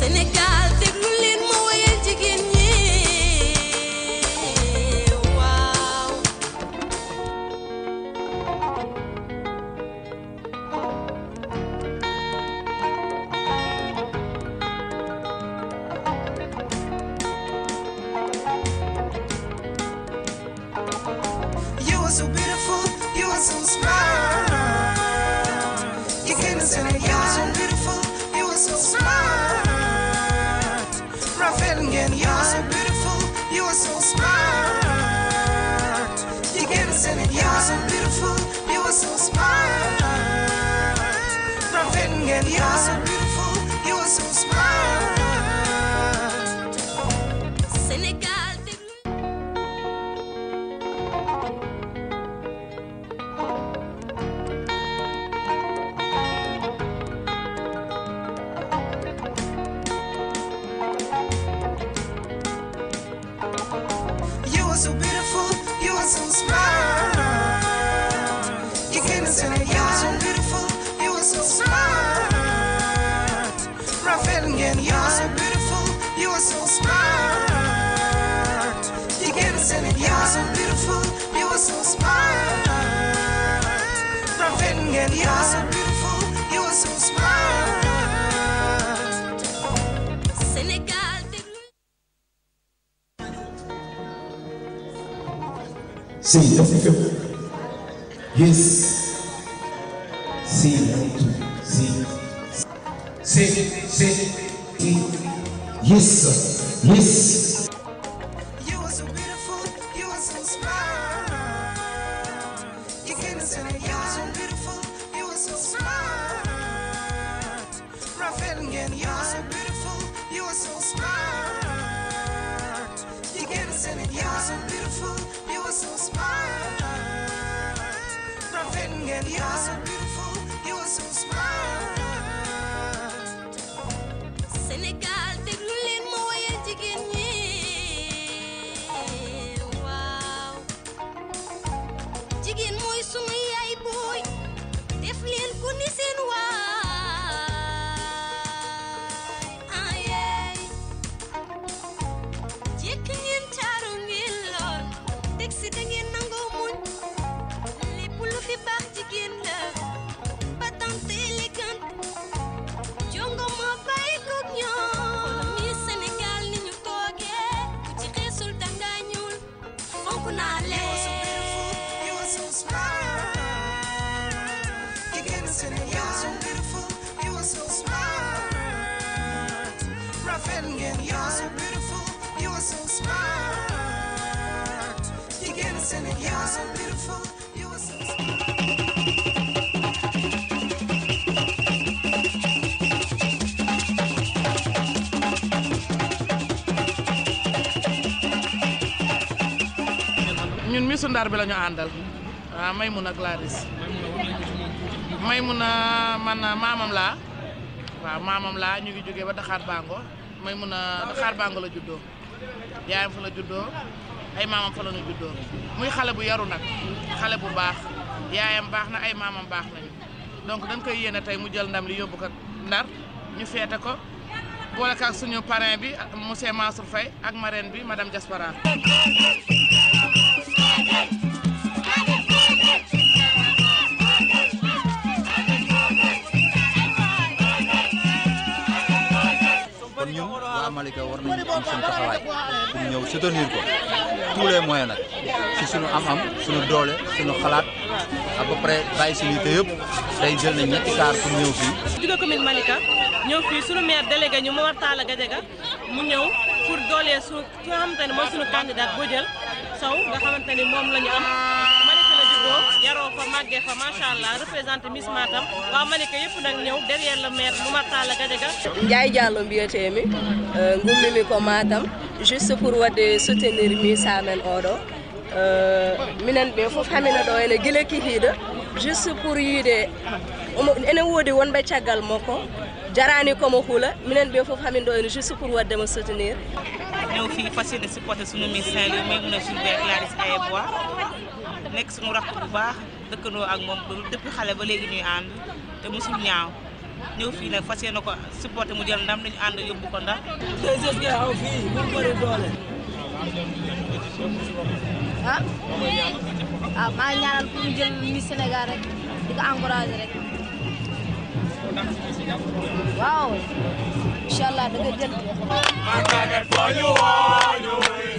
Sénégal flowers and it, you were so beautiful, you were so smart. From Finnegan, you were so beautiful. Seydi Afrique yes Seydi Seydi Seydi Seydi yes yes You're so beautiful, you were so smart. Raphael, again, you're so beautiful. can't hide. ñun Miss Ndar bi la ñu àndal waaw ah, Maymuna Gladys Maymuna man maamam laa waaw maamam laa ñu ngi jógee ba Daxaar Bango Maymuna Daxaar Bango la juddoo yaayam fa la juddoo ay maamam fa la ñu muy xale bu yaru nag xale bu baax yaayam baax na ay maamam baax nañu donc dañ koy yéene tey mu jël ndam li yóbbu ko ndar ñu feete ko boole ko suñu parrain bi monsieur Mansour Faye ak marraine bi madame Diaspora ñun waa Malika war nañu am seen taxawaay pour ñëw soutenir ko tous les moyens nag si suñu am-am suñu doole suñu xalaat à peu près bàyyi suñu te yëpp day jël nañ ñetti saar pour ñëw fii. jóge commune Malika ñëw fii suñu maire délégué ñu Momar Talla Gadiaga mu ñëw pour dooleel su ki nga xamante ne mooy suñu jël Sow nga xamante moom la am. juddoo yaroo fa màggee fa macha allah représenté Miss Matam waa Malika yëpp nag ñëw derrière le maire Momar Talla Gadiaga. Ndiaye Diallo mbiyeteemi euh, ngummi mi ko Matam juste pour wadde soutenir Miss amen oɗo minen ɓe fof hamina ɗo ene guila kihiɗo juste pour yiide ene woodi wonɓe caggal makko jarani komo huula minen ɓe foof hamin ɗo ene juste pour waddemo soutenir ñëw fii fas yéene supporté sunu Miss Saint-Louis Maimouna Jules Clarisse Ayebois nekk mu rakk bu baax dëkkandoo ak moom ba depuis xale ba léegi ñuy ànd te musul ñaaw ñëw fii nag fa yéene ko supporté mu jël ndam nañu ànd yóbbu ko ndax. déedéet ah, ah maa ñaanal pour mu jël Miss Sénégal rek di ko rek. waaw incha allah da nga jël.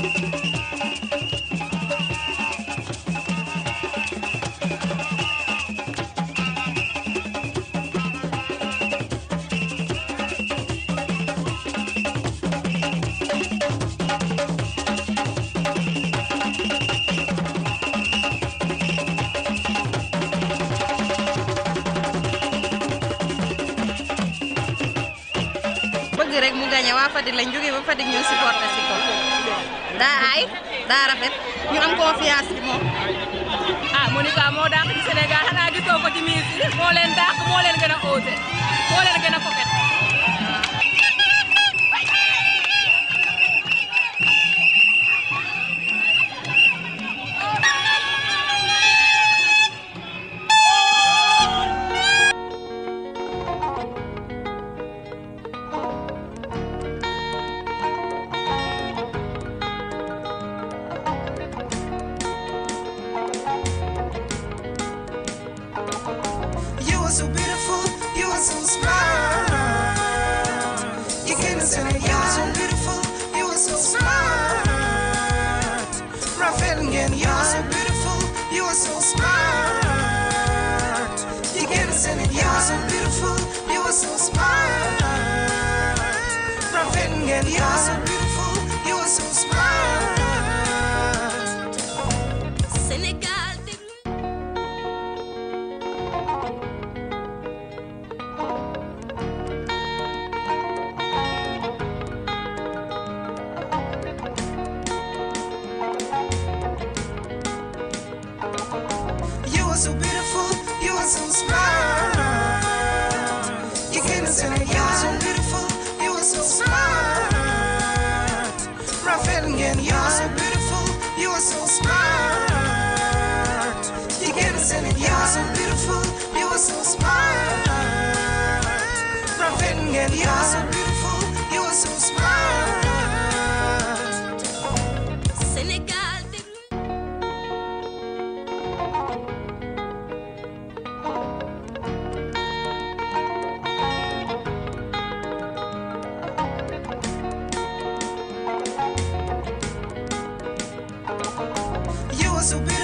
bëgg rek mu gagné waa Fatick lañ jógee ba Fatick ñëw supporté si daa aay daa rafet ñu am confiance ci moom. ah Monica moo dàq ci Sénégal xanaa gisoo ko moo leen dàq moo leen gën a osé moo leen gën a coquette so, so. Christmas. fosse o bem.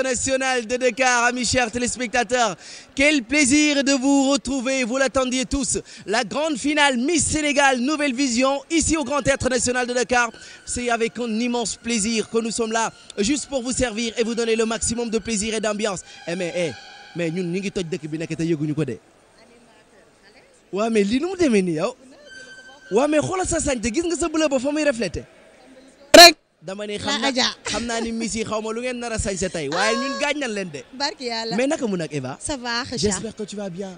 international de Dakar, amis chers téléspectateurs. Quel plaisir de vous retrouver, vous l'attendiez tous. La grande finale Miss Sénégal Nouvelle Vision, ici au Grand Théâtre National de Dakar. C'est avec un immense plaisir que nous sommes là, juste pour vous servir et vous donner le maximum de plaisir et d'ambiance. Eh mais, eh, mais ñun ñu ngi toj dëkk bi nekk te yëguñu ko de. waaw mais lii nu mu demee nii yow. waaw mais xoolal sa sañte gis nga sa bleu ba fa muy reflété. rek. dama ne xam naa xam naa ni Miss yi xaw ma lu ngeen nar a sañse tey waaye ñun ah, gaañ nañ leen de. barki yàlla mais naka mu nag Eva. ça va Kheucha j'espère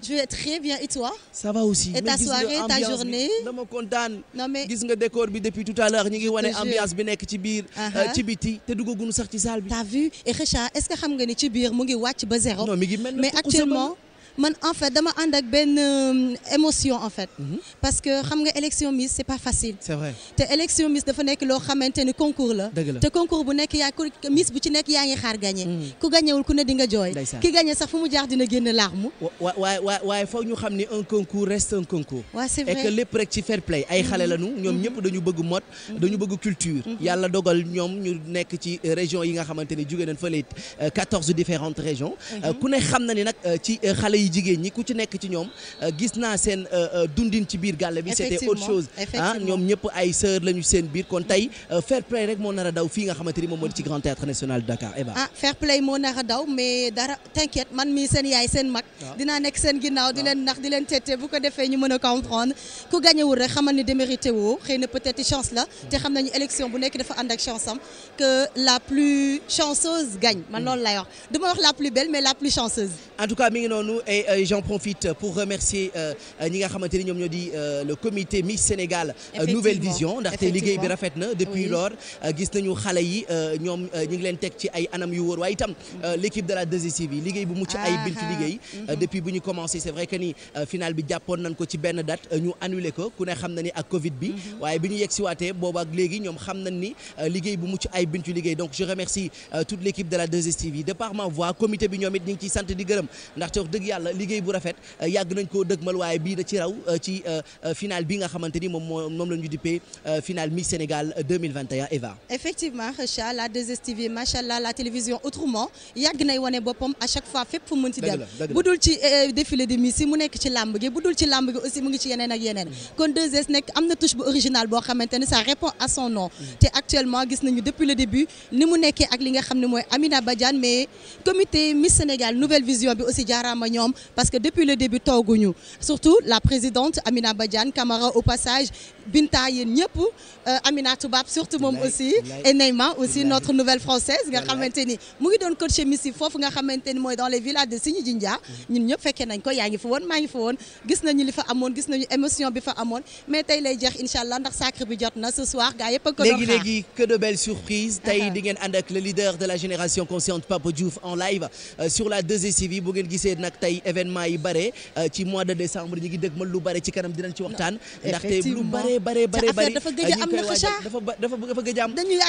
je vais très bien et toi. ça aussi et soirée ta journée. dama kontaan. non mais gis nga décor bi depuis tout à l'heure ñu ngi wane ambiance bi nekk ci biir. Ah, euh, ah. ci biti te sax ci salle bi. t'as vu et Kheucha est-ce que xam nga ni ci biir mu ngi wàcc ba zéro. non mi ngi mel mais actuellement. man en fait dama ànd ak benn euh, émotion en fait. Mhm. parce que xam nga élection Miss c'est pas facile. c'est te élection Miss dafa nekk loo xamante ni concours la. te concours bu nekk yaa ku Miss bu ci nekk yaa ngi xaar gagné. Mhm. ku gagnéwul ku ne di nga jooy. ki gagné sax fu mu jaar dina génn larme. wa waay waaye foog ñu xam ni un concours reste un concours. waaw c'est vrai et que lépp rek ci fair play ay xale mhm. lañu. ñoom ñëpp dañu bëgg mode dañu bëgg culture. yàlla dogal ñoom ñu nekk ci euh, région yi nga xamante ni jóge nañ fa les euh, quatorze différentes régions. ku yi ku ci nekk ci ñoom euh, gis naa seen euh, euh, dundin ci biir gàlle bi c'était autre chose ñoom ñëpp ay sœur lañu seen biir kon tey fair play moo nar a daw fii nga xamante ni moom moo di ci Grand Théâtre National de Dakar Eva ah fair play moo nar a daw mais dara t'inquiète man mii seen yaay seen mag ah. dinaa nekk seen ginnaaw di ah. leen nax di leen tette bu ko defee ñu mën a comprendre ku gañewul rek xamal démérité woo xëy peut-être chance la te xam nañu élection bu nekk dafa et euh, j'en pour remercier euh, euh, ñi nga xamante ni ñoom ñoo di le comité Miss Sénégal Nouvelle Vision ndaxte liggéey bi rafet na depuis lors gis nañu xale yi ñoom ñi ngi leen teg ci ay anam yu wóor waaye itam mm-hmm. l'équipe de la 2STV liggéey bu mucc ay bil liggéey mm-hmm. depuis bu ñu commencé c'est vrai que ni final bi jàppoon nañ ko ci benn date ñu annulé ko ku ne xam na ni ak Covid bi mm-hmm. waaye bi ñu yegg siwaatee boobu ak léegi ñoom xam na ni liggéey bu mucc ay bin ci liggéey donc je remercie toute l'équipe di gërëm yàlla liggéey bu rafet euh, yàgg nañ koo dëgmal waaye bii ci raw euh, ci euh, final bi nga xamante moom moo moom final Miss Sénégal Eva. effectivement Kheucha la 2STV allah la télévision autrement yàgg nay wane boppam à chaque fois fépp fu mu mën dem bu dul ci défilé de Miss yi mu nekk ci làmb gi bu dul ci làmb gi aussi mu ngi ci yeneen ak yeneen mm. kon 2S nekk am na touche bu original boo xamante ne répond à son nom mm. te actuellement gis nañu depuis parce que depuis le début tooguñu surtout la présidente Amina Badiane Camara au passage Binta yéen ñëpp euh, Aminata Bab surtout moom aussi et Neyma aussi notre nouvelle française nga xamante mu ni mooy dans les villages de Sinidindia mm-hmm. ñun ñëpp fekkee nañ ko yaa ngi fa woon maa ngi fa woon gis nañu li fa amoon gis nañu émotion bi fa amoon mais tey lay jeex incha allah ndax sacre bi jot na ce soir gars yëpp a ko doon léegi léegi que de belles surprises tey uh-huh. di ngeen ànd ak le leader de la génération consciente Papa Diouf en live euh, sur la 2STV bu ngeen gisee nag tey euh, lu bare ci kanam baree baree baree bari am na xacha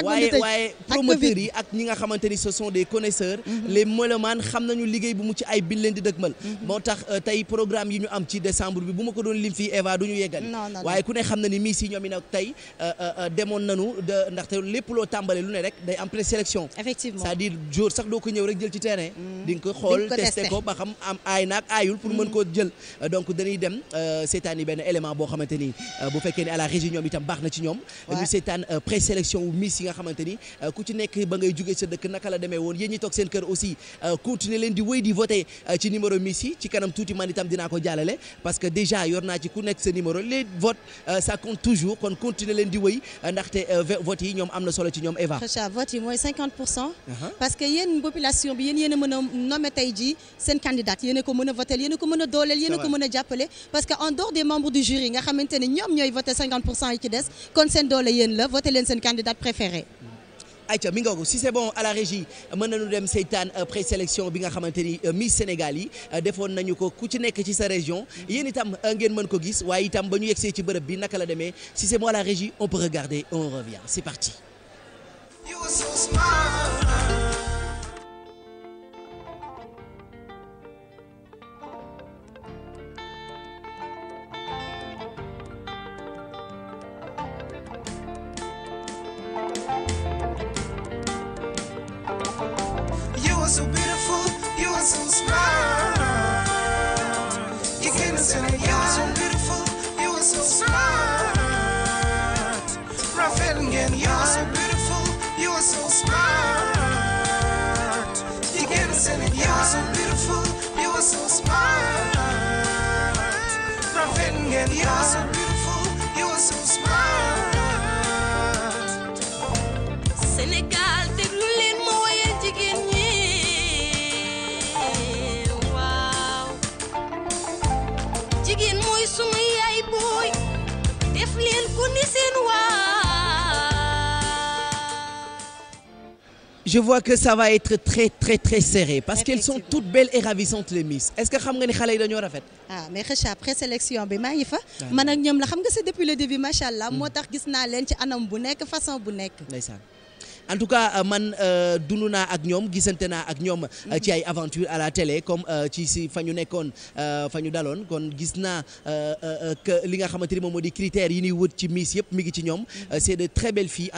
waaye waaye yi ak ñi nga xamante ni ce sont des connaisseurs mhm. les mélomanes xam nañu liggéey bu mu ci ay bil leen mhm. moo tax euh, tey programme yi ñu am ci décembre bi bu ma ko doon lim fii Eva du ñu yeggal waaye ku ne xam na ni miis yi ñoom yi nag tey euh, euh, demoon nañu de ndaxte lépp loo tàmbale lu ne rek day am présélection effectivement c'est-à-dire jour sax doo ko ñëw rek jël ci terrain mhm. di nga ko xool testé ko ba xam am aay naag aayul pour man koo jël donc dañuy dem seetaan yi benn élément boo xamante ni à la ñoom itam baax na ci ñoom ñu euh, nga xamante euh, ku ci nekk ba ngay jógee sa dëkk naka woon yéen ñi toog seen kër aussi euh, continuer leen di wéy di voter ci numéro Miss ci kanam tuuti man itam dinaa ko jàllale parce que déjà yor ci ku nekk sa numéro les votes ça compte toujours kon continuer leen di wéy ndaxte vote yi ñoom am na ci ñoom Eva uh-huh. parce que yéen population bi yéen yéen a mën a seen candidat yéen ko mën a voter cinquante pour cent yi ci des kon seen doole yéen la voté leen seen candidat préféré ayca mi ngoogu si c'est bon à la régie mën nañu dem seytaan euh, présélection bi nga xamante ni euh, Miss Sénégal yi euh, defoon nañu ko ku ci nekk ci sa région yéen itam ngeen mën ko gis waaye itam ba ñu yegsee ci bërëb bi naka la demee si c'est bon à la régie on peut regarder on revient c'est parti are so beautiful, you are so smart. jigéen mooy sunu yaay booy def leen ko ni seen waa je vois que ça va être très très serré parce qu'elles sont toutes belles et ravissantes les Miss est-ce que xam nga ni xale yi dañoo rafet ah mais xëcha présélection bi maa ngi fa ah. man ak ñoom la xam nga c'est depuis le début macha allah moo tax gis naa leen ci anam bu nekk façon bu nekk ndeysaan en tout cas euh, man euh, dund naa ak ñoom gisante naa ak ñoom. Euh, ci ay aventure à la télé comme ci si fa ñu nekkoon fa ñu daloon kon gis naa que li nga xamante ni moom moo di critères yi ñuy wut ci Miss yëpp mi ngi ci ñoom. c'est de très belles filles